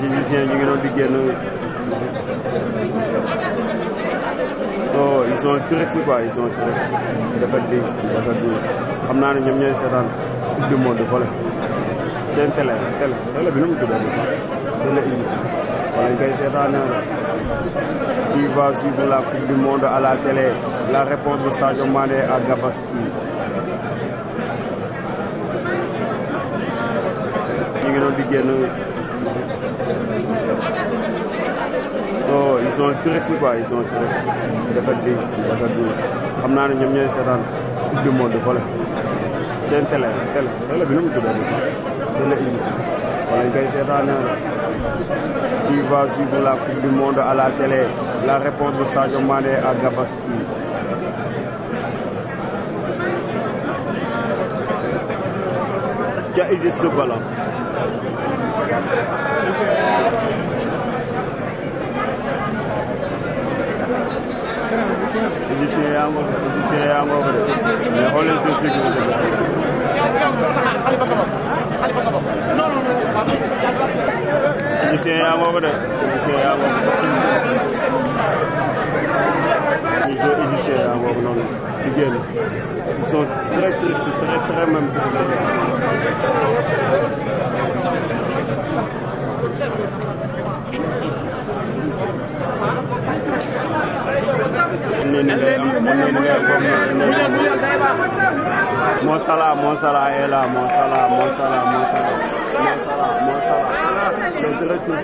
les égyptiens ñu di génn non ils sont tristes quoi ils sont tristes defet bi defet bi xam naa ne ñoom ñooy seetaan coupe du monde fële seen télé télé bi nu mu tuddee sax télé Égypte fa lañ koy seetaane qui la coupe du monde à la télé la réponse de Sadio Mané à Gabaski ñu ngi di génn non ils sont tristes quoi ils sont tristes défaite bi défaite bi xam naa ne ñoom ñooy seetaan coupe du monde fële seen télé télé télé bi nu mu tuddati sax télé Égypte wala ñu koy seetaan qui va la coupe du monde à la télé la réponse de Sadio Mané à Gabaski. ca Égypte bala égyptien yaa ngoo égyptien yaa ngoo ko de mais xool leen seen sécurité bi. égyptien yaa ngoo ko de égyptien yaa ngoo ko ci égyptien yaa ngoo ko noonu di génn ils sont très tristes très très même tristes Mo Salah, Mo Salah est là, Mo Salah, Mo Salah, Mo Salah, Mo Salah, Mo Salah. C'est de retour.